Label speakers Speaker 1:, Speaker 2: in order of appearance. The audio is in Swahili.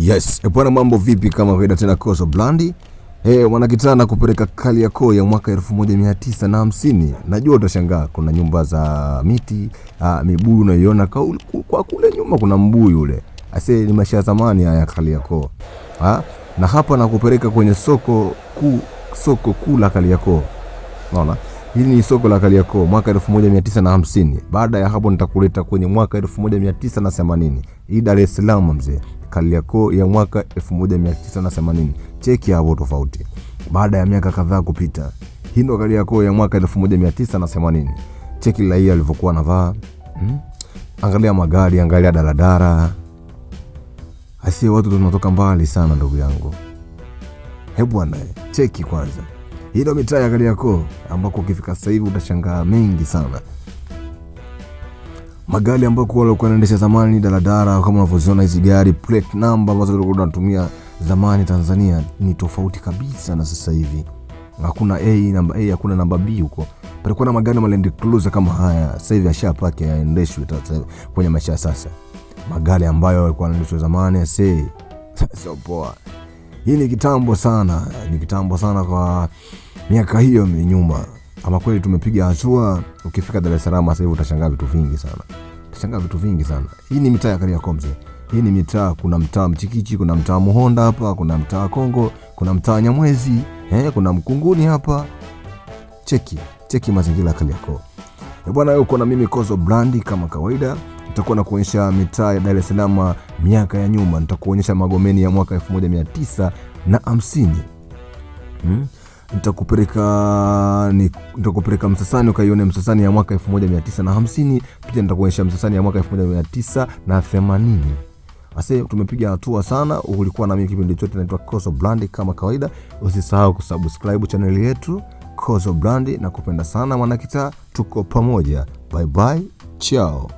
Speaker 1: Yes, e, bwana mambo vipi kama kawaida tena Koso Blandi. Eh, wanakitana kupeleka Kariakoo ya mwaka elfu moja tisa na 1950. Najua utashangaa kuna nyumba za miti, a, mibuyu unaiona kwa kule nyuma kuna mbuyu ule. Ase ni maisha zamani haya Kariakoo. Ha? Na hapa nakupeleka kwenye soko ku soko kuu la kali Kariakoo. Unaona? Hili ni soko la kali Kariakoo mwaka elfu moja tisa na 1950. Baada ya hapo nitakuleta kwenye mwaka elfu moja tisa 1980. Hii Dar es Salaam mzee kaliako ya mwaka 1980. Cheki hapo tofauti. Baada ya miaka kadhaa kupita, hii ndo Kaliako ya mwaka 1980. Cheki raia alivyokuwa anavaa hmm? Angalia magari, angalia daladala. Asie, watu tunatoka mbali sana ndugu yangu. Hebu bwana, cheki kwanza hii ndo mitaa ya Kaliako ambako ukifika sasa hivi utashangaa mengi sana magari ambayo kwa walikuwa wanaendesha zamani daladala, kama unavyoziona hizi gari plate number ambazo walikuwa wanatumia zamani Tanzania ni tofauti kabisa na sasa hivi. Hakuna A namba A, hakuna namba B huko. Palikuwa na magari ma Land Cruiser kama haya, sasa hivi ashapaki yaendeshwe kwenye maisha sasa. Magari ambayo walikuwa yanaendeshwa zamani sasa sio poa. Hii ni kitambo sana, ni kitambo sana kwa miaka hiyo nyuma kama kweli tumepiga hatua, ukifika Dar es Salaam sasa hivi utashangaa vitu vingi sana, utashangaa vitu vingi sana. Hii ni mitaa ya Kariakoo mzee, hii ni mitaa. Kuna mtaa Mchikichi, kuna mtaa Muhonda hapa, kuna mtaa Kongo, kuna mtaa Nyamwezi eh, kuna Mkunguni hapa. Cheki cheki mazingira ya Kariakoo eh, bwana. Wewe uko na mimi Kozo Brandi kama kawaida, nitakuwa na kuonyesha mitaa ya Dar es Salaam miaka ya nyuma. Nitakuonyesha Magomeni ya mwaka 1950 na hamsini hmm? nitakupeleka ni, nitakupeleka Msasani ukaione Msasani ya mwaka 1950 pia nitakuonyesha Msasani ya mwaka 1980. Ase, tumepiga hatua sana. Ulikuwa nami kipindi chote, naitwa Kozo Brandi kama kawaida. Usisahau kusubscribe chaneli yetu Kozo Brandi, na kupenda sana mwanakitaa, tuko pamoja. Bye bye, chao.